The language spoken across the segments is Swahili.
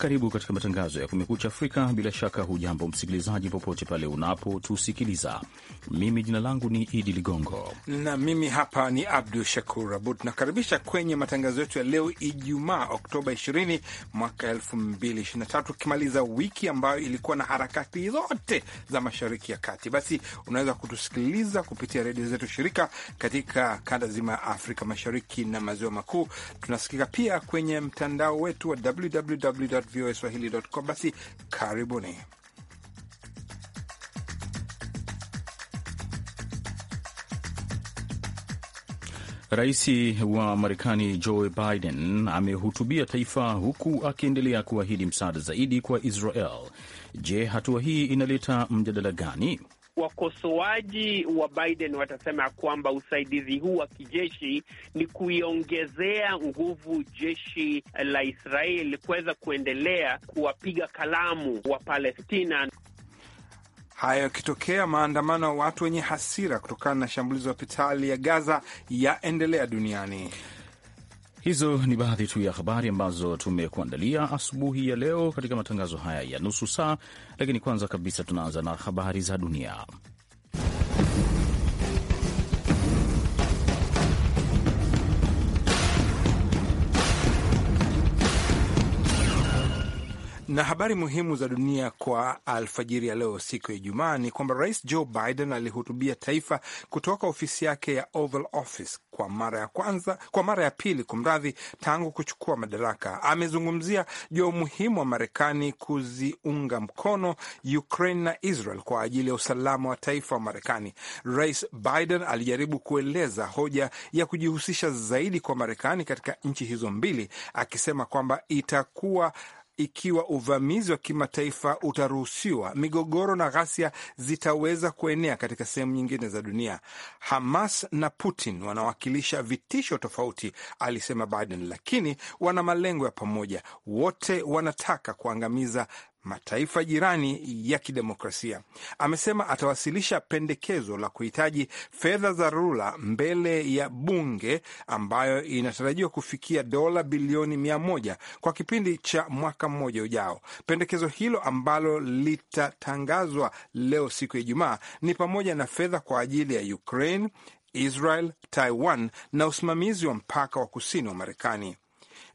Karibu katika matangazo ya Kumekucha Afrika. Bila shaka, hujambo msikilizaji, popote pale unapotusikiliza. Mimi jina langu ni Idi Ligongo na mimi hapa ni Abdu Shakur Abud. Tunakaribisha kwenye matangazo yetu ya leo Ijumaa, Oktoba 20 mwaka 2023, tukimaliza wiki ambayo ilikuwa na harakati zote za Mashariki ya Kati. Basi unaweza kutusikiliza kupitia redio zetu shirika katika kanda zima ya Afrika Mashariki na Maziwa Makuu. Tunasikika pia kwenye mtandao wetu wa www VOA swahili.com. Basi karibuni. Rais wa Marekani Joe Biden amehutubia taifa huku akiendelea kuahidi msaada zaidi kwa Israel. Je, hatua hii inaleta mjadala gani? wakosoaji wa Biden watasema kwamba usaidizi huu wa kijeshi ni kuiongezea nguvu jeshi la Israeli kuweza kuendelea kuwapiga kalamu wa Palestina. Hayo yakitokea, maandamano ya watu wenye hasira kutokana na shambulizi ya hospitali ya Gaza yaendelea duniani. Hizo ni baadhi tu ya habari ambazo tumekuandalia asubuhi ya leo katika matangazo haya ya nusu saa, lakini kwanza kabisa tunaanza na habari za dunia. Na habari muhimu za dunia kwa alfajiri ya leo, siku ya Ijumaa, ni kwamba Rais Joe Biden alihutubia taifa kutoka ofisi yake ya Oval Office kwa mara ya kwanza, kwa mara ya pili kumradhi, tangu kuchukua madaraka. Amezungumzia juu ya umuhimu wa Marekani kuziunga mkono Ukraine na Israel kwa ajili ya usalama wa taifa wa Marekani. Rais Biden alijaribu kueleza hoja ya kujihusisha zaidi kwa Marekani katika nchi hizo mbili, akisema kwamba itakuwa ikiwa uvamizi wa kimataifa utaruhusiwa, migogoro na ghasia zitaweza kuenea katika sehemu nyingine za dunia. Hamas na Putin wanawakilisha vitisho tofauti, alisema Biden, lakini wana malengo ya pamoja. Wote wanataka kuangamiza mataifa jirani ya kidemokrasia. Amesema atawasilisha pendekezo la kuhitaji fedha za dharura mbele ya bunge ambayo inatarajiwa kufikia dola bilioni mia moja kwa kipindi cha mwaka mmoja ujao. Pendekezo hilo ambalo litatangazwa leo siku ya Ijumaa ni pamoja na fedha kwa ajili ya Ukraine, Israel, Taiwan na usimamizi wa mpaka wa kusini wa Marekani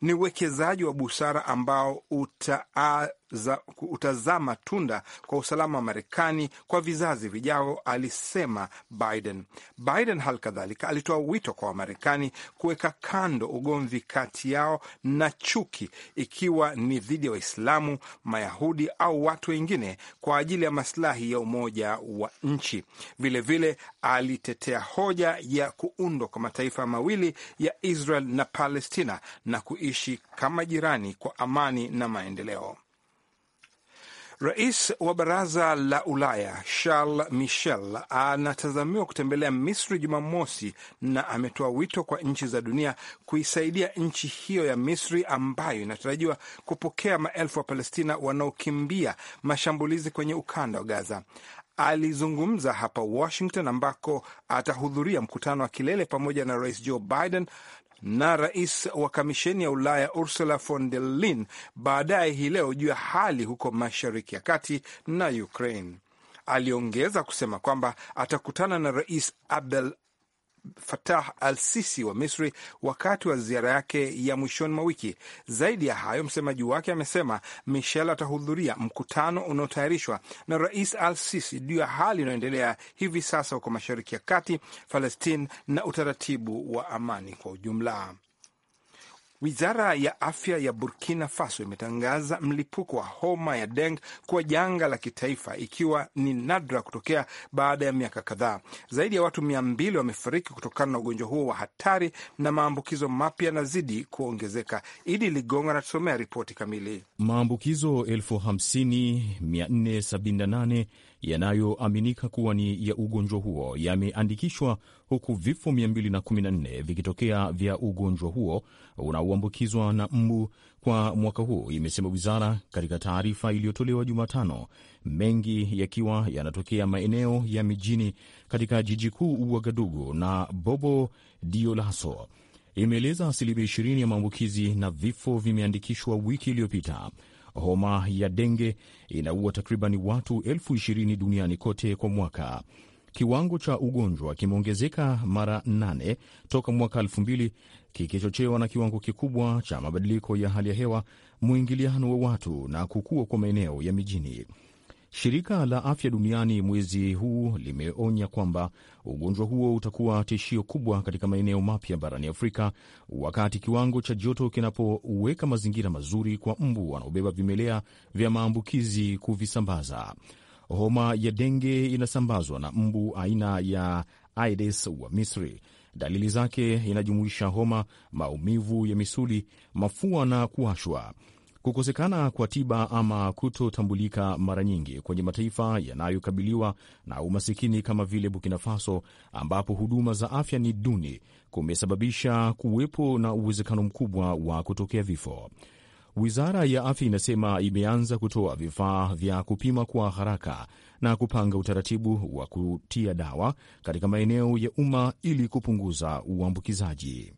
ni uwekezaji wa busara ambao utaaza, utazaa matunda kwa usalama wa Marekani kwa vizazi vijao, alisema Biden. Biden hali kadhalika alitoa wito kwa Wamarekani kuweka kando ugomvi kati yao na chuki, ikiwa ni dhidi ya wa Waislamu, Mayahudi au watu wengine, kwa ajili ya masilahi ya umoja wa nchi. Vilevile vile, alitetea hoja ya kuundwa kwa mataifa mawili ya Israel na Palestina na kuishi kuishi kama jirani kwa amani na maendeleo. Rais wa Baraza la Ulaya Charles Michel anatazamiwa kutembelea Misri Jumamosi na ametoa wito kwa nchi za dunia kuisaidia nchi hiyo ya Misri ambayo inatarajiwa kupokea maelfu wa Palestina wanaokimbia mashambulizi kwenye ukanda wa Gaza. Alizungumza hapa Washington ambako atahudhuria mkutano wa kilele pamoja na Rais Joe Biden na rais wa kamisheni ya Ulaya Ursula von der Leyen baadaye hii leo juu ya hali huko Mashariki ya Kati na Ukraine. Aliongeza kusema kwamba atakutana na rais Abdel Fatah al Sisi wa Misri wakati wa ziara yake ya mwishoni mwa wiki. Zaidi ya hayo, msemaji wake amesema Michel atahudhuria mkutano unaotayarishwa na Rais al Sisi juu ya hali inayoendelea hivi sasa huko Mashariki ya Kati, Palestine na utaratibu wa amani kwa ujumla. Wizara ya afya ya Burkina Faso imetangaza mlipuko wa homa ya deng kuwa janga la kitaifa, ikiwa ni nadra kutokea baada ya miaka kadhaa. Zaidi ya watu mia mbili wamefariki kutokana na ugonjwa huo wa hatari na maambukizo mapya yanazidi kuongezeka. Idi Ligongo anatusomea ripoti kamili. Maambukizo yanayoaminika kuwa ni ya ugonjwa huo yameandikishwa huku vifo 214 vikitokea vya ugonjwa huo unaoambukizwa na mbu kwa mwaka huu, imesema wizara katika taarifa iliyotolewa Jumatano, mengi yakiwa yanatokea maeneo ya mijini katika jiji kuu Wagadugu na Bobo diolaso Imeeleza asilimia 20 ya maambukizi na vifo vimeandikishwa wiki iliyopita. Homa ya denge inaua takriban watu elfu ishirini duniani kote kwa mwaka. Kiwango cha ugonjwa kimeongezeka mara nane toka mwaka elfu mbili kikichochewa na kiwango kikubwa cha mabadiliko ya hali ya hewa, mwingiliano wa watu na kukua kwa maeneo ya mijini. Shirika la Afya Duniani mwezi huu limeonya kwamba ugonjwa huo utakuwa tishio kubwa katika maeneo mapya barani Afrika, wakati kiwango cha joto kinapoweka mazingira mazuri kwa mbu wanaobeba vimelea vya maambukizi kuvisambaza. Homa ya denge inasambazwa na mbu aina ya Aedes wa Misri. Dalili zake inajumuisha homa, maumivu ya misuli, mafua na kuwashwa. Kukosekana kwa tiba ama kutotambulika mara nyingi kwenye mataifa yanayokabiliwa na umasikini kama vile Burkina Faso, ambapo huduma za afya ni duni, kumesababisha kuwepo na uwezekano mkubwa wa kutokea vifo. Wizara ya Afya inasema imeanza kutoa vifaa vya kupima kwa haraka na kupanga utaratibu wa kutia dawa katika maeneo ya umma ili kupunguza uambukizaji.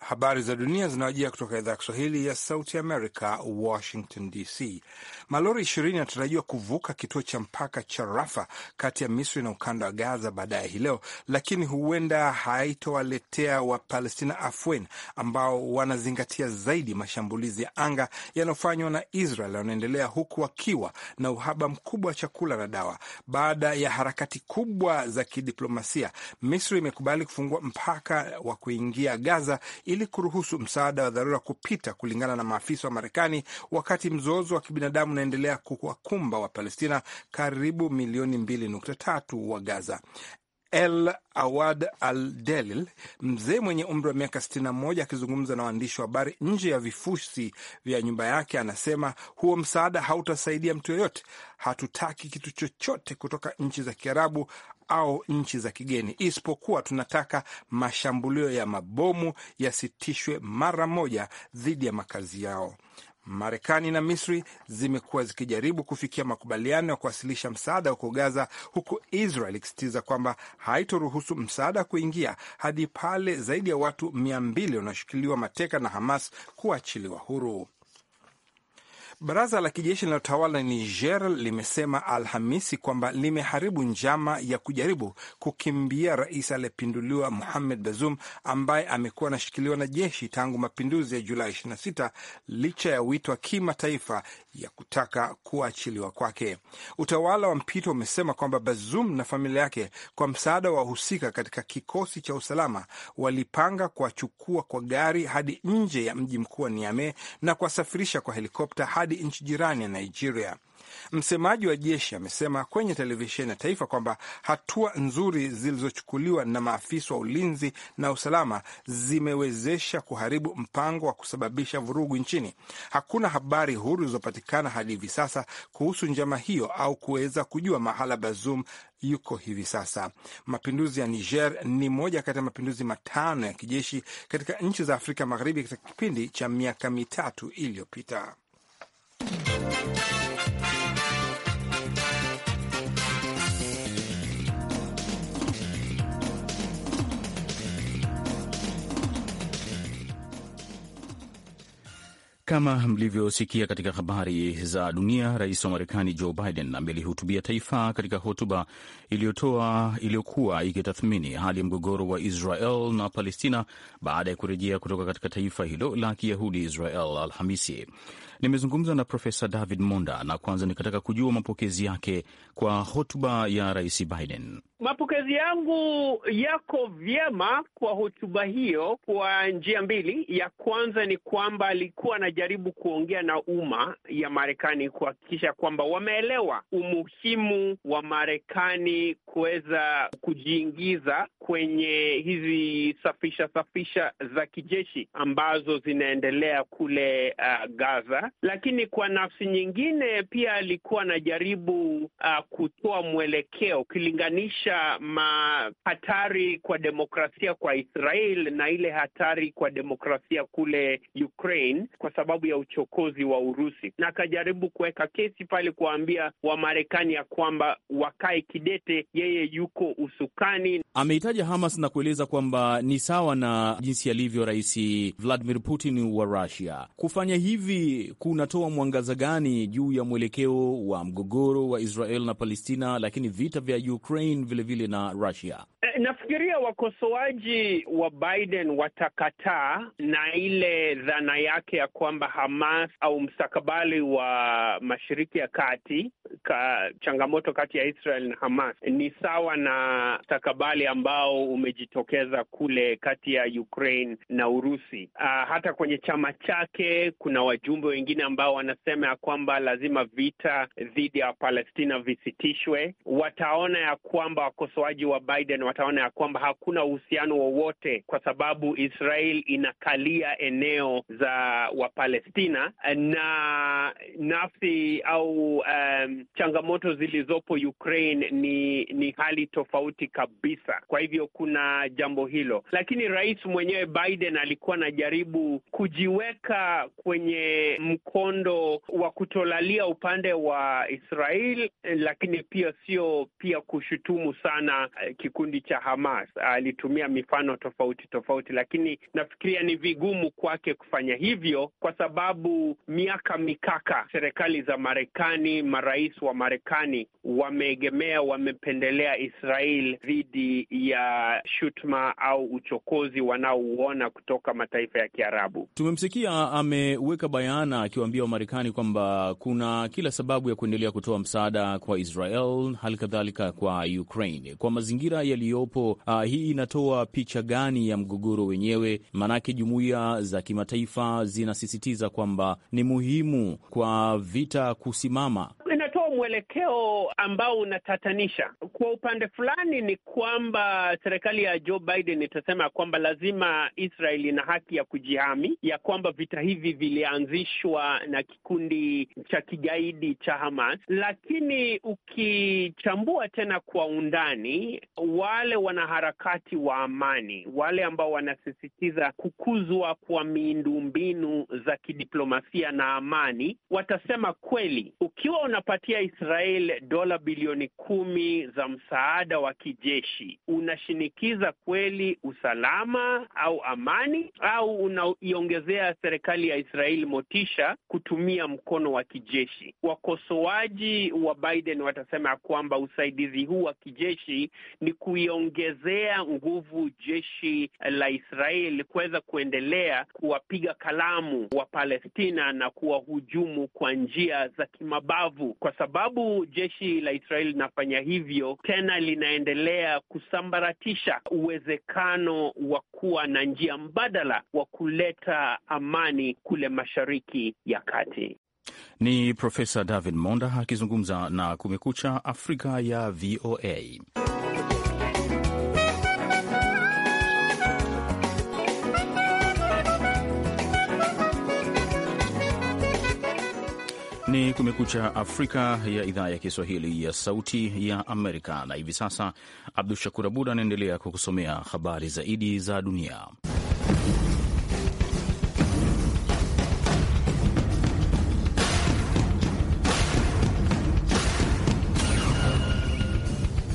Habari za dunia zinawajia kutoka idhaa ya Kiswahili ya Sauti Amerika, Washington DC. Malori ishirini yanatarajiwa kuvuka kituo cha mpaka cha Rafa kati ya Misri na ukanda wa Gaza baadaye hii leo, lakini huenda haitowaletea Wapalestina afweni ambao wanazingatia zaidi mashambulizi ya anga yanayofanywa na Israel yanaendelea huku wakiwa na uhaba mkubwa wa chakula na dawa. Baada ya harakati kubwa za kidiplomasia, Misri imekubali kufungua mpaka wa kuingia Gaza ili kuruhusu msaada wa dharura kupita, kulingana na maafisa wa Marekani, wakati mzozo wa kibinadamu unaendelea kuwakumba wa Palestina karibu milioni 2.3 wa Gaza. El Awad Al Delil, mzee mwenye umri wa miaka 61, akizungumza na waandishi wa habari nje ya vifusi vya nyumba yake, anasema huo msaada hautasaidia mtu yoyote. Hatutaki kitu chochote kutoka nchi za Kiarabu au nchi za kigeni, isipokuwa tunataka mashambulio ya mabomu yasitishwe mara moja dhidi ya makazi yao. Marekani na Misri zimekuwa zikijaribu kufikia makubaliano ya kuwasilisha msaada huko Gaza, huku Israel ikisitiza kwamba haitoruhusu msaada kuingia hadi pale zaidi ya watu mia mbili wanaoshikiliwa mateka na Hamas kuachiliwa huru. Baraza la kijeshi linalotawala Niger limesema Alhamisi kwamba limeharibu njama ya kujaribu kukimbia rais aliyepinduliwa Mohamed Bazoum ambaye amekuwa anashikiliwa na jeshi tangu mapinduzi ya Julai 26 licha ya wito wa kimataifa ya kutaka kuachiliwa kwake. Utawala wa mpito umesema kwamba Bazoum na familia yake kwa msaada wa wahusika katika kikosi cha usalama walipanga kuwachukua kwa gari hadi nje ya mji mkuu wa Niamey na kuwasafirisha kwa helikopta hadi hadi nchi jirani ya Nigeria. Msemaji wa jeshi amesema kwenye televisheni ya taifa kwamba hatua nzuri zilizochukuliwa na maafisa wa ulinzi na usalama zimewezesha kuharibu mpango wa kusababisha vurugu nchini. Hakuna habari huru zilizopatikana hadi hivi sasa kuhusu njama hiyo au kuweza kujua mahala Bazoum yuko hivi sasa. Mapinduzi ya Niger ni moja kati ya mapinduzi matano ya kijeshi katika nchi za Afrika Magharibi katika kipindi cha miaka mitatu iliyopita. Kama mlivyosikia katika habari za dunia, rais wa Marekani Joe Biden amelihutubia taifa katika hotuba iliyotoa iliyokuwa ikitathmini hali ya mgogoro wa Israel na Palestina baada ya kurejea kutoka katika taifa hilo la Kiyahudi Israel Alhamisi. Nimezungumza na Profesa David munda na kwanza nikataka kujua mapokezi yake kwa hotuba ya Rais Biden. Mapokezi yangu yako vyema kwa hotuba hiyo kwa njia mbili. Ya kwanza ni kwamba alikuwa anajaribu kuongea na umma ya Marekani kuhakikisha kwamba wameelewa umuhimu wa Marekani kuweza kujiingiza kwenye hizi safisha safisha za kijeshi ambazo zinaendelea kule uh, Gaza lakini kwa nafsi nyingine pia alikuwa anajaribu uh, kutoa mwelekeo ukilinganisha hatari kwa demokrasia kwa Israel na ile hatari kwa demokrasia kule Ukraine kwa sababu ya uchokozi wa Urusi, na akajaribu kuweka kesi pale kuwaambia Wamarekani ya kwamba wakae kidete, yeye yuko usukani. Ameitaja Hamas na kueleza kwamba ni sawa na jinsi alivyo Rais Vladimir Putin wa Russia. Kufanya hivi kunatoa mwangaza gani juu ya mwelekeo wa mgogoro wa Israel na Palestina, lakini vita vya Ukraine vilevile na Russia? Eh, nafikiria wakosoaji wa Biden watakataa na ile dhana yake ya kwamba Hamas au mstakabali wa Mashariki ya Kati ka, changamoto kati ya Israel na Hamas ni sawa na mstakabali ambao umejitokeza kule kati ya Ukraine na Urusi. Uh, hata kwenye chama chake kuna wajumbe wengine wengine ambao wanasema ya kwamba lazima vita dhidi ya Wapalestina visitishwe. Wataona ya kwamba wakosoaji wa Biden wataona ya kwamba hakuna uhusiano wowote kwa sababu Israel inakalia eneo za Wapalestina na nafsi au um, changamoto zilizopo Ukraine ni, ni hali tofauti kabisa. Kwa hivyo kuna jambo hilo, lakini rais mwenyewe Biden alikuwa anajaribu kujiweka kwenye mkondo wa kutolalia upande wa Israel, lakini pia sio pia kushutumu sana eh, kikundi cha Hamas. Alitumia mifano tofauti tofauti, lakini nafikiria ni vigumu kwake kufanya hivyo kwa sababu miaka mikaka serikali za Marekani, marais wa Marekani wameegemea, wamependelea Israel dhidi ya shutuma au uchokozi wanaouona kutoka mataifa ya Kiarabu. Tumemsikia ameweka bayana akiwaambia Wamarekani kwamba kuna kila sababu ya kuendelea kutoa msaada kwa Israel, hali kadhalika kwa Ukraine. Kwa mazingira yaliyopo, uh, hii inatoa picha gani ya mgogoro wenyewe? Maanake jumuiya za kimataifa zinasisitiza kwamba ni muhimu kwa vita kusimama mwelekeo ambao unatatanisha. Kwa upande fulani ni kwamba serikali ya Joe Biden itasema kwamba lazima Israel ina haki ya kujihami, ya kwamba vita hivi vilianzishwa na kikundi cha kigaidi cha Hamas, lakini ukichambua tena kwa undani, wale wanaharakati wa amani, wale ambao wanasisitiza kukuzwa kwa miundombinu za kidiplomasia na amani, watasema kweli, ukiwa unapatia Israel dola bilioni kumi za msaada wa kijeshi, unashinikiza kweli usalama au amani, au unaiongezea serikali ya Israel motisha kutumia mkono wa kijeshi? Wakosoaji wa Biden watasema kwamba usaidizi huu wa kijeshi ni kuiongezea nguvu jeshi la Israel kuweza kuendelea kuwapiga kalamu wa Palestina na kuwahujumu kwa njia za kimabavu kwa sababu sababu jeshi la Israeli linafanya hivyo tena, linaendelea kusambaratisha uwezekano wa kuwa na njia mbadala wa kuleta amani kule Mashariki ya Kati. Ni Profesa David Monda akizungumza na Kumekucha Afrika ya VOA. Ni Kumekucha Afrika ya idhaa ya Kiswahili ya Sauti ya Amerika, na hivi sasa Abdu Shakur Abud anaendelea kukusomea habari zaidi za dunia.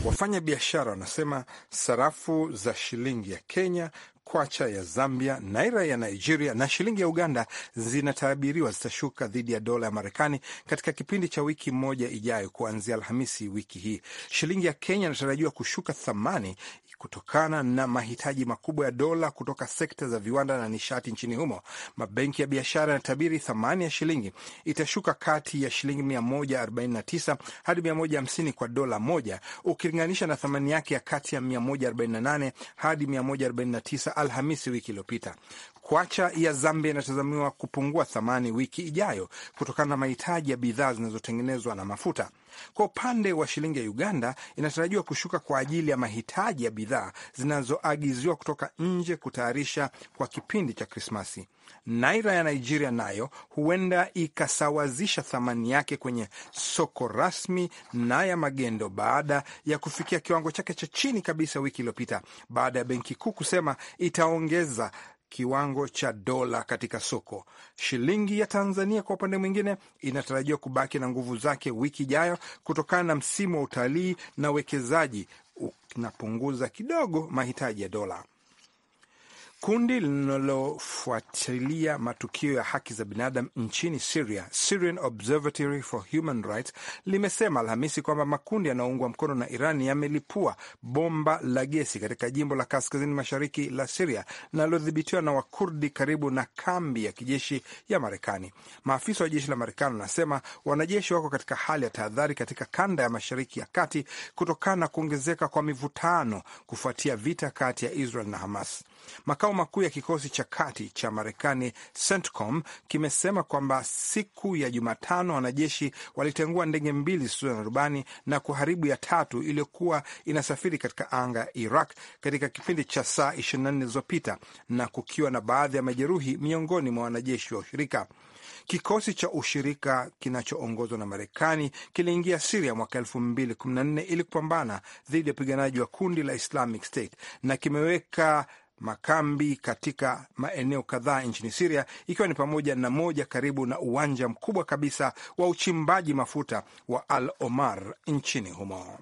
Wafanya biashara wanasema sarafu za shilingi ya Kenya kwacha ya Zambia, naira ya Nigeria na shilingi ya Uganda zinatabiriwa zitashuka dhidi ya dola ya Marekani katika kipindi cha wiki moja ijayo kuanzia Alhamisi wiki hii. Shilingi ya Kenya inatarajiwa kushuka thamani kutokana na mahitaji makubwa ya dola kutoka sekta za viwanda na nishati nchini humo. Mabenki ya biashara yanatabiri thamani ya shilingi itashuka kati ya shilingi 149 hadi 150 kwa dola moja ukilinganisha na thamani yake ya kati ya 148 hadi 149 Alhamisi wiki iliyopita. Kwacha ya Zambia inatazamiwa kupungua thamani wiki ijayo kutokana na mahitaji ya bidhaa zinazotengenezwa na mafuta. Kwa upande wa shilingi ya Uganda, inatarajiwa kushuka kwa ajili ya mahitaji ya bidhaa zinazoagiziwa kutoka nje kutayarisha kwa kipindi cha Krismasi. Naira ya Nigeria nayo huenda ikasawazisha thamani yake kwenye soko rasmi na ya magendo baada ya kufikia kiwango chake cha chini kabisa wiki iliyopita baada ya benki kuu kusema itaongeza kiwango cha dola katika soko. Shilingi ya Tanzania kwa upande mwingine inatarajiwa kubaki na nguvu zake wiki ijayo kutokana na msimu wa utalii na uwekezaji unapunguza kidogo mahitaji ya dola. Kundi linalofuatilia matukio ya haki za binadamu nchini Syria, Syrian Observatory for Human Rights, limesema Alhamisi kwamba makundi yanayoungwa mkono na Iran yamelipua bomba la gesi katika jimbo la kaskazini mashariki la Syria linalodhibitiwa na Wakurdi karibu na kambi ya kijeshi ya Marekani. Maafisa wa jeshi la Marekani wanasema wanajeshi wako katika hali ya tahadhari katika kanda ya mashariki ya kati kutokana na kuongezeka kwa mivutano kufuatia vita kati ya Israel na Hamas. Makao makuu ya kikosi cha kati cha Marekani CENTCOM kimesema kwamba siku ya Jumatano wanajeshi walitengua ndege mbili zisizo na rubani na kuharibu ya tatu iliyokuwa inasafiri katika anga ya Iraq katika kipindi cha saa 24 zilizopita, na kukiwa na baadhi ya majeruhi miongoni mwa wanajeshi wa ushirika. Kikosi cha ushirika kinachoongozwa na Marekani kiliingia Siria mwaka nne ili kupambana dhidi ya upiganaji wa kundi la Islamic State na kimeweka makambi katika maeneo kadhaa nchini Siria, ikiwa ni pamoja na moja karibu na uwanja mkubwa kabisa wa uchimbaji mafuta wa Al Omar nchini humo.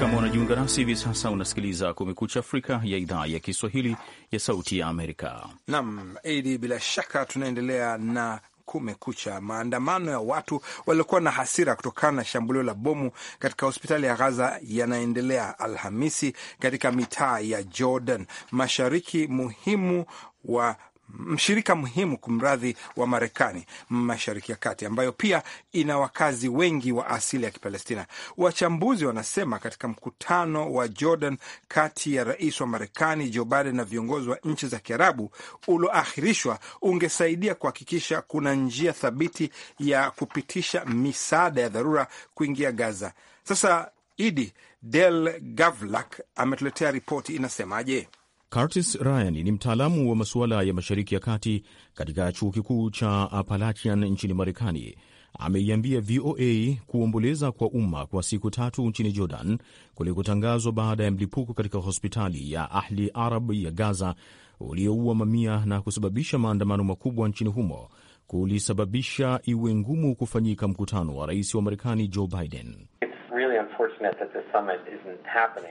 Kama unajiunga nasi hivi sasa, unasikiliza Kumekucha Afrika ya idhaa ya Kiswahili ya Sauti ya Amerika. Naam idi bila shaka tunaendelea na Kumekucha. Maandamano ya watu waliokuwa na hasira kutokana na shambulio la bomu katika hospitali ya Gaza yanaendelea Alhamisi katika mitaa ya Jordan mashariki muhimu wa mshirika muhimu kumradhi wa Marekani mashariki ya kati, ambayo pia ina wakazi wengi wa asili ya Kipalestina. Wachambuzi wanasema katika mkutano wa Jordan kati ya rais wa Marekani Joe Biden na viongozi wa nchi za Kiarabu ulioahirishwa ungesaidia kuhakikisha kuna njia thabiti ya kupitisha misaada ya dharura kuingia Gaza. Sasa Idi Del Gavlak ametuletea ripoti inasemaje? Curtis Ryan ni mtaalamu wa masuala ya Mashariki ya Kati katika chuo kikuu cha Appalachian nchini Marekani. Ameiambia VOA kuomboleza kwa umma kwa siku tatu nchini Jordan kulikotangazwa baada ya mlipuko katika hospitali ya Ahli Arab ya Gaza ulioua mamia na kusababisha maandamano makubwa nchini humo kulisababisha iwe ngumu kufanyika mkutano wa rais wa Marekani Joe Biden.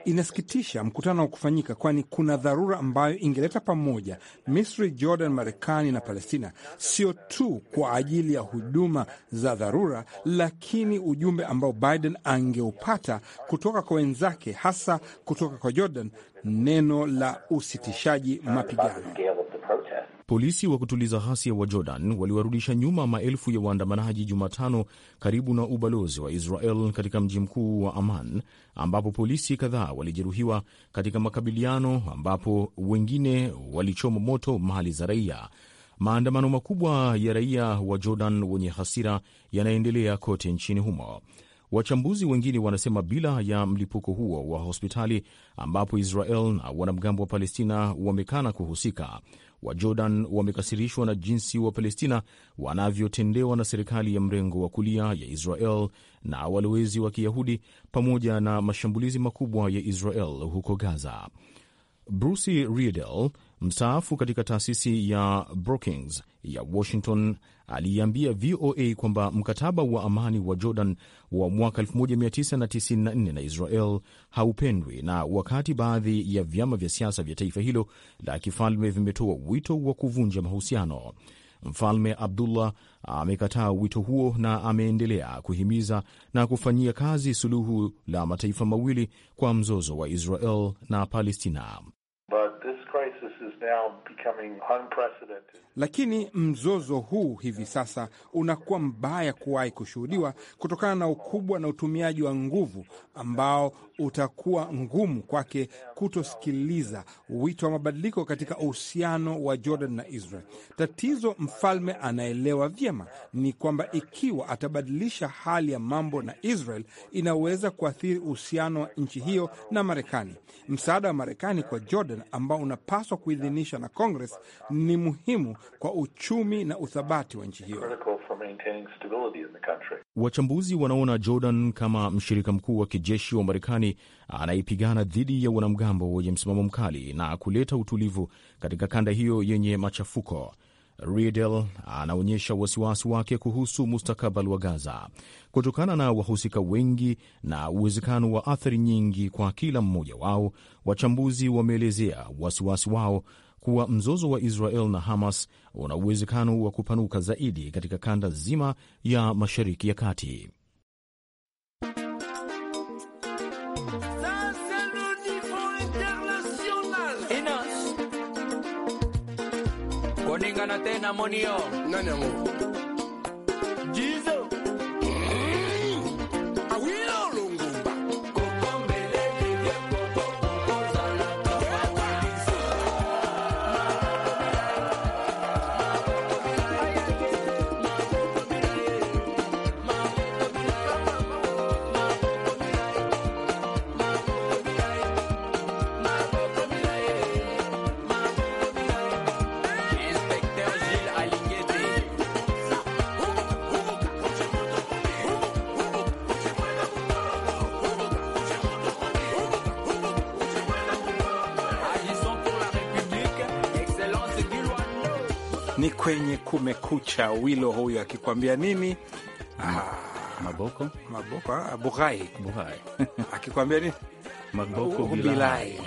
Inasikitisha mkutano wa kufanyika, kwani kuna dharura ambayo ingeleta pamoja Misri, Jordan, Marekani na Palestina, sio tu kwa ajili ya huduma za dharura, lakini ujumbe ambao Biden angeupata kutoka kwa wenzake, hasa kutoka kwa Jordan, neno la usitishaji mapigano. Polisi wa kutuliza ghasia wa Jordan waliwarudisha nyuma maelfu ya waandamanaji Jumatano karibu na ubalozi wa Israel katika mji mkuu wa Amman, ambapo polisi kadhaa walijeruhiwa katika makabiliano, ambapo wengine walichoma moto mali za raia. Maandamano makubwa ya raia wa Jordan wenye hasira yanaendelea kote nchini humo. Wachambuzi wengine wanasema bila ya mlipuko huo wa hospitali ambapo Israel na wanamgambo wa Palestina wamekana kuhusika, wa Jordan wamekasirishwa na jinsi wa Palestina wanavyotendewa na serikali ya mrengo wa kulia ya Israel na walowezi wa Kiyahudi pamoja na mashambulizi makubwa ya Israel huko Gaza. Bruce Riedel, mstaafu katika taasisi ya Brookings ya Washington, aliiambia VOA kwamba mkataba wa amani wa Jordan wa mwaka 1994 na Israel haupendwi, na wakati baadhi ya vyama vya siasa vya taifa hilo la kifalme vimetoa wito wa kuvunja mahusiano Mfalme Abdullah amekataa wito huo na ameendelea kuhimiza na kufanyia kazi suluhu la mataifa mawili kwa mzozo wa Israel na Palestina. Lakini mzozo huu hivi sasa unakuwa mbaya kuwahi kushuhudiwa kutokana na ukubwa na utumiaji wa nguvu ambao utakuwa ngumu kwake kutosikiliza wito wa mabadiliko katika uhusiano wa Jordan na Israel. Tatizo mfalme anaelewa vyema ni kwamba ikiwa atabadilisha hali ya mambo na Israel, inaweza kuathiri uhusiano wa nchi hiyo na Marekani. Msaada wa Marekani kwa Jordan ambao unapaswa inapaswa kuidhinisha na Congress ni muhimu kwa uchumi na uthabati wa nchi hiyo. Wachambuzi wanaona Jordan kama mshirika mkuu wa kijeshi wa Marekani anayepigana dhidi ya wanamgambo wenye msimamo mkali na kuleta utulivu katika kanda hiyo yenye machafuko. Riedel anaonyesha wasiwasi wake kuhusu mustakabali wa Gaza kutokana na wahusika wengi na uwezekano wa athari nyingi kwa kila mmoja wao. Wachambuzi wameelezea wasiwasi wao kuwa mzozo wa Israel na Hamas una uwezekano wa kupanuka zaidi katika kanda zima ya Mashariki ya Kati. te enamonió. No, no, no. kucha wilo huyo akikwambia nini? Ah, maboko, maboko, ah, bughai, bughai akikwambia nini? Bilai.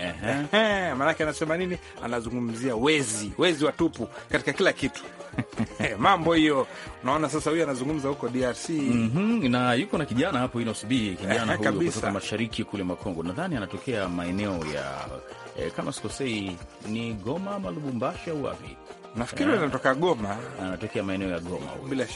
Maanake anasema nini? Anazungumzia wezi, wezi watupu katika kila kitu. Eh, mambo hiyo, unaona sasa, huyu anazungumza huko DRC. mm -hmm. na yuko na kijana hapo inasubii kijana huyo kutoka mashariki kule Makongo, nadhani anatokea maeneo ya eh, kama sikosei ni Goma ama Lubumbashi au wapi nafikiri, eh. anatoka Goma, anatokea maeneo ya Goma huyo, bila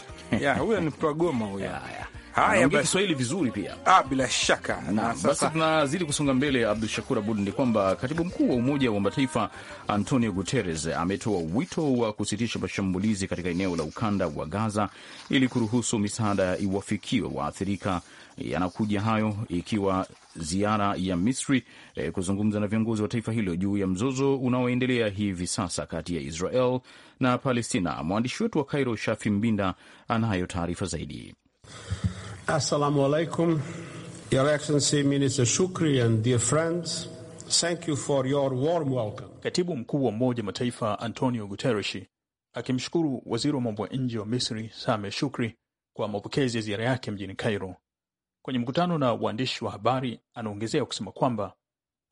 shaka huyo ni mtu wa Goma huyo haya Kiswahili vizuri pia. Ah, bila shaka. Na, na sasa... basi tunazidi kusonga mbele. abdu Shakur Abud, ni kwamba katibu mkuu wa Umoja wa Mataifa Antonio Guterres ametoa wito wa kusitisha mashambulizi katika eneo la ukanda wa Gaza ili kuruhusu misaada iwafikiwe waathirika. Yanakuja hayo ikiwa ziara ya Misri eh, kuzungumza na viongozi wa taifa hilo juu ya mzozo unaoendelea hivi sasa kati ya Israel na Palestina. Mwandishi wetu wa Kairo, Shafi Mbinda, anayo taarifa zaidi. Assalamu alaikum, Your Excellency Minister Shukri and dear friends. Thank you for your warm welcome. Katibu mkuu wa Umoja wa Mataifa Antonio Guterres akimshukuru waziri wa mambo ya nje wa Misri Sameh Shukri kwa mapokezi ya ziara yake mjini Cairo. Kwenye mkutano na waandishi wa habari, anaongezea kusema kwamba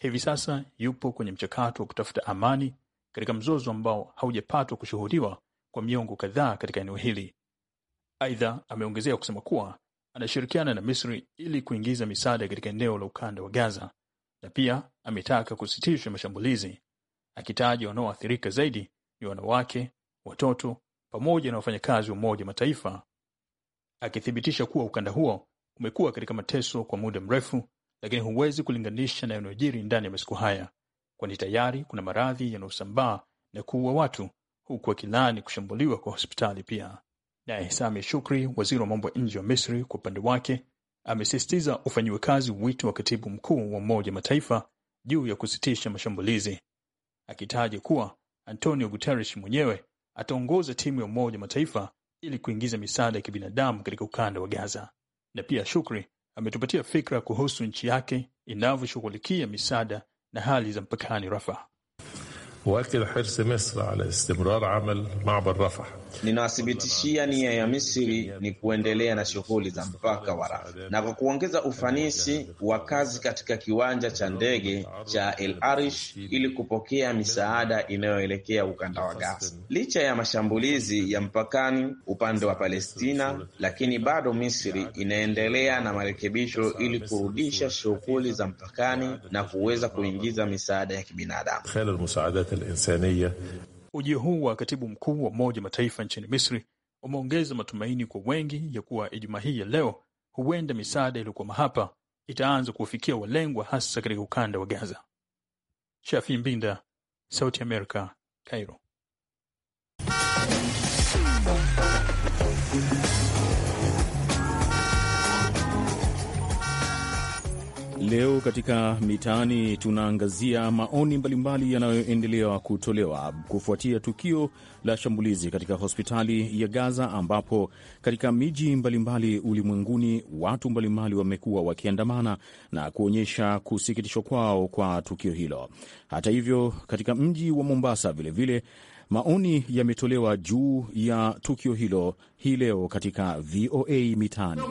hivi sasa yupo kwenye mchakato wa kutafuta amani katika mzozo ambao haujapatwa kushuhudiwa kwa miongo kadhaa katika eneo hili. Aidha, ameongezea kusema kuwa anashirikiana na Misri ili kuingiza misaada katika eneo la ukanda wa Gaza na pia ametaka kusitishwa mashambulizi, akitaja wanaoathirika zaidi ni wanawake, watoto pamoja na wafanyakazi wa Umoja Mataifa, akithibitisha kuwa ukanda huo umekuwa katika mateso kwa muda mrefu, lakini huwezi kulinganisha na yanayojiri ndani ya masiku haya, kwani tayari kuna maradhi yanayosambaa na kuua watu, huku akilaani kushambuliwa kwa hospitali pia. Naye Sami Shukri, waziri wa mambo ya nje wa Misri, kwa upande wake amesisitiza ufanyiwe kazi wito wa katibu mkuu wa Umoja Mataifa juu ya kusitisha mashambulizi, akitaja kuwa Antonio Guterres mwenyewe ataongoza timu ya Umoja wa Mataifa ili kuingiza misaada ya kibinadamu katika ukanda wa Gaza. Na pia Shukri ametupatia fikra kuhusu nchi yake inavyoshughulikia misaada na hali za mpakani Rafa. wakil hirsi misra ala istimrar amal mabar Rafa Ninawathibitishia nia ya Misri ni kuendelea na shughuli za mpaka wa Rafa na kwa kuongeza ufanisi wa kazi katika kiwanja cha ndege cha El Arish ili kupokea misaada inayoelekea ukanda wa Gaza. Licha ya mashambulizi ya mpakani upande wa Palestina, lakini bado Misri inaendelea na marekebisho ili kurudisha shughuli za mpakani na kuweza kuingiza misaada ya kibinadamu. Ujio huu wa katibu mkuu wa Umoja Mataifa nchini Misri umeongeza matumaini kwa wengi ya kuwa Ijumaa hii ya leo huenda misaada iliyokwama hapa itaanza kuwafikia walengwa, hasa katika ukanda wa Gaza. Shafi Mbinda, Sauti ya Amerika, Cairo. Leo katika mitaani tunaangazia maoni mbalimbali yanayoendelea kutolewa kufuatia tukio la shambulizi katika hospitali ya Gaza, ambapo katika miji mbalimbali ulimwenguni watu mbalimbali wamekuwa wakiandamana na kuonyesha kusikitishwa kwao kwa tukio hilo. Hata hivyo, katika mji wa Mombasa vilevile vile, maoni yametolewa juu ya tukio hilo hii leo katika VOA Mitaani.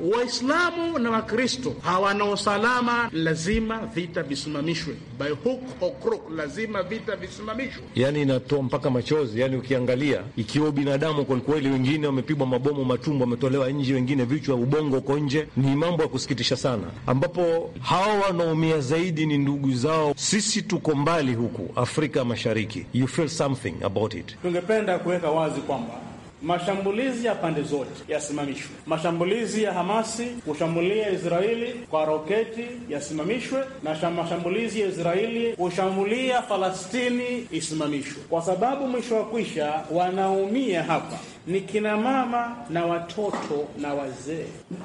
Waislamu na Wakristo hawana usalama, lazima vita visimamishwe, by hook or crook, lazima vita visimamishwe. Yani inatoa mpaka machozi. Yani ukiangalia, ikiwa binadamu kwa kweli, wengine wamepigwa mabomu, matumbo wametolewa nje, wengine vichwa, ubongo uko nje. Ni mambo ya kusikitisha sana, ambapo hawa wanaumia zaidi ni ndugu zao. Sisi tuko mbali huku Afrika Mashariki, you feel something about it. Tungependa kuweka wazi kwamba mashambulizi ya pande zote yasimamishwe. Mashambulizi ya Hamasi kushambulia Israeli kwa roketi yasimamishwe, na mashambulizi ya Israeli kushambulia Falastini isimamishwe, kwa sababu mwisho wa kwisha wanaumia hapa ni kina mama na watoto na wazee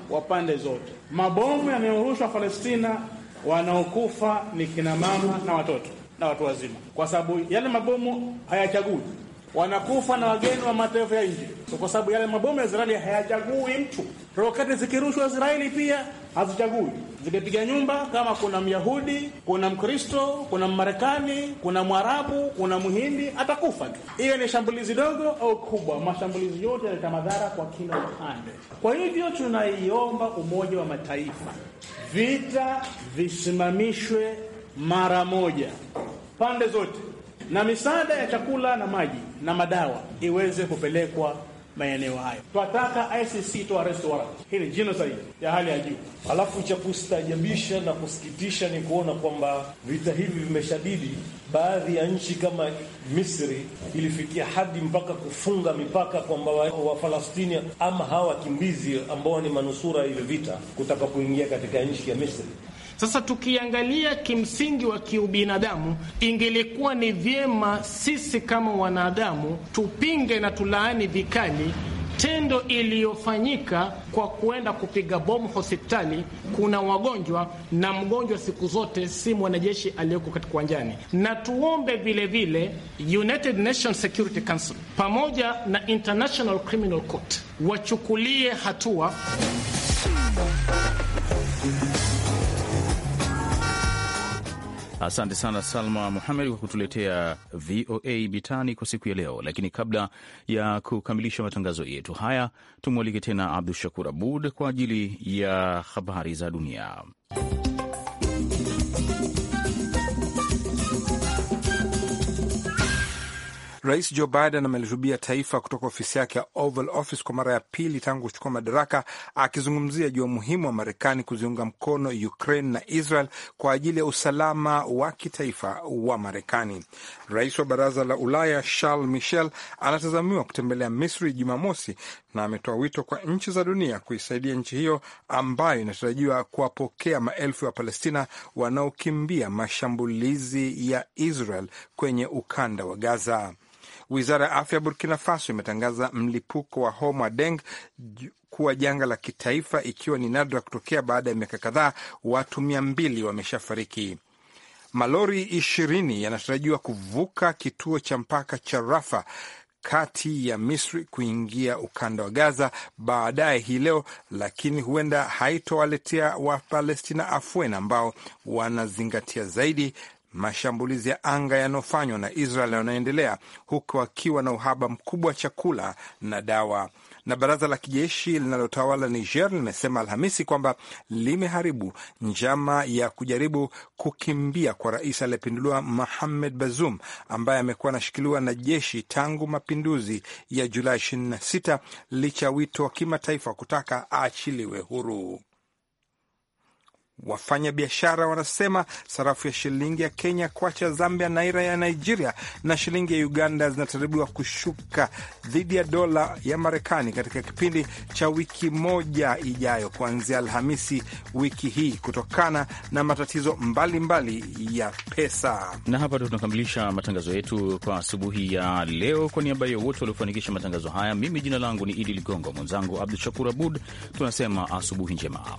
wa pande zote. Mabomu yanayorushwa Palestina, wanaokufa ni kina mama na watoto na watu wazima, kwa sababu yale mabomu hayachagui wanakufa na wageni wa mataifa ya nje, so kwa sababu yale mabomu ya Israeli hayachagui mtu. Roketi zikirushwa Israeli pia hazichagui, zikipiga nyumba, kama kuna Myahudi, kuna Mkristo, kuna Mmarekani, kuna Mwarabu, kuna Mhindi, atakufa tu. Hiyo ni shambulizi dogo au kubwa, mashambulizi yote yanaleta madhara kwa kila upande. Kwa hivyo tunaiomba Umoja wa Mataifa vita visimamishwe mara moja, pande zote na misaada ya chakula na maji na madawa iweze kupelekwa maeneo hayo. Twataka ICC to arrest warrant. Hii ni genocide ya hali ya juu. Alafu cha kustajabisha na kusikitisha ni kuona kwamba vita hivi vimeshadidi. Baadhi ya nchi kama Misri ilifikia hadi mpaka kufunga mipaka kwamba Wafalastini ama hawa wakimbizi ambao ni manusura hivi vita kutaka kuingia katika nchi ya Misri. Sasa tukiangalia kimsingi wa kiubinadamu, ingelikuwa ni vyema sisi kama wanadamu tupinge na tulaani vikali tendo iliyofanyika kwa kuenda kupiga bomu hospitali. Kuna wagonjwa na mgonjwa siku zote si mwanajeshi aliyoko katika uwanjani, na tuombe vilevile United Nations Security Council pamoja na International Criminal Court wachukulie hatua Asante sana Salma Muhamed kwa kutuletea VOA Bitani kwa siku ya leo. Lakini kabla ya kukamilisha matangazo yetu haya, tumwalike tena Abdu Shakur Abud kwa ajili ya habari za dunia. Rais Joe Biden amelihutubia taifa kutoka ofisi yake ya Oval Office kwa mara ya pili tangu kuchukua madaraka, akizungumzia juu ya umuhimu wa Marekani kuziunga mkono Ukraine na Israel kwa ajili ya usalama wa kitaifa wa Marekani. Rais wa Baraza la Ulaya Charles Michel anatazamiwa kutembelea Misri Jumamosi na ametoa wito kwa nchi za dunia kuisaidia nchi hiyo ambayo inatarajiwa kuwapokea maelfu ya Palestina wanaokimbia mashambulizi ya Israel kwenye ukanda wa Gaza. Wizara ya afya ya Burkina Faso imetangaza mlipuko wa homa deng kuwa janga la kitaifa, ikiwa ni nadra kutokea baada ya miaka kadhaa. Watu mia mbili wameshafariki. Malori ishirini yanatarajiwa kuvuka kituo cha mpaka cha Rafa kati ya Misri kuingia ukanda wa Gaza baadaye hii leo, lakini huenda haitowaletea Wapalestina afueni ambao wanazingatia zaidi Mashambulizi ya anga yanayofanywa na Israel yanaendelea huku akiwa na uhaba mkubwa wa chakula na dawa. Na baraza la kijeshi linalotawala Niger limesema Alhamisi kwamba limeharibu njama ya kujaribu kukimbia kwa rais aliyepinduliwa Mohamed Bazoum ambaye amekuwa anashikiliwa na jeshi tangu mapinduzi ya Julai 26 licha ya wito wa kimataifa kutaka aachiliwe huru. Wafanyabiashara wanasema sarafu ya shilingi ya Kenya, kwacha Zambia, naira ya Nigeria na shilingi ya Uganda zinatarajiwa kushuka dhidi ya dola ya Marekani katika kipindi cha wiki moja ijayo, kuanzia Alhamisi wiki hii kutokana na matatizo mbalimbali mbali ya pesa. Na hapa ndo tunakamilisha matangazo yetu kwa asubuhi ya leo. Kwa niaba ya wote waliofanikisha matangazo haya, mimi jina langu ni Idi Ligongo, mwenzangu Abdu Shakur Abud, tunasema asubuhi njema.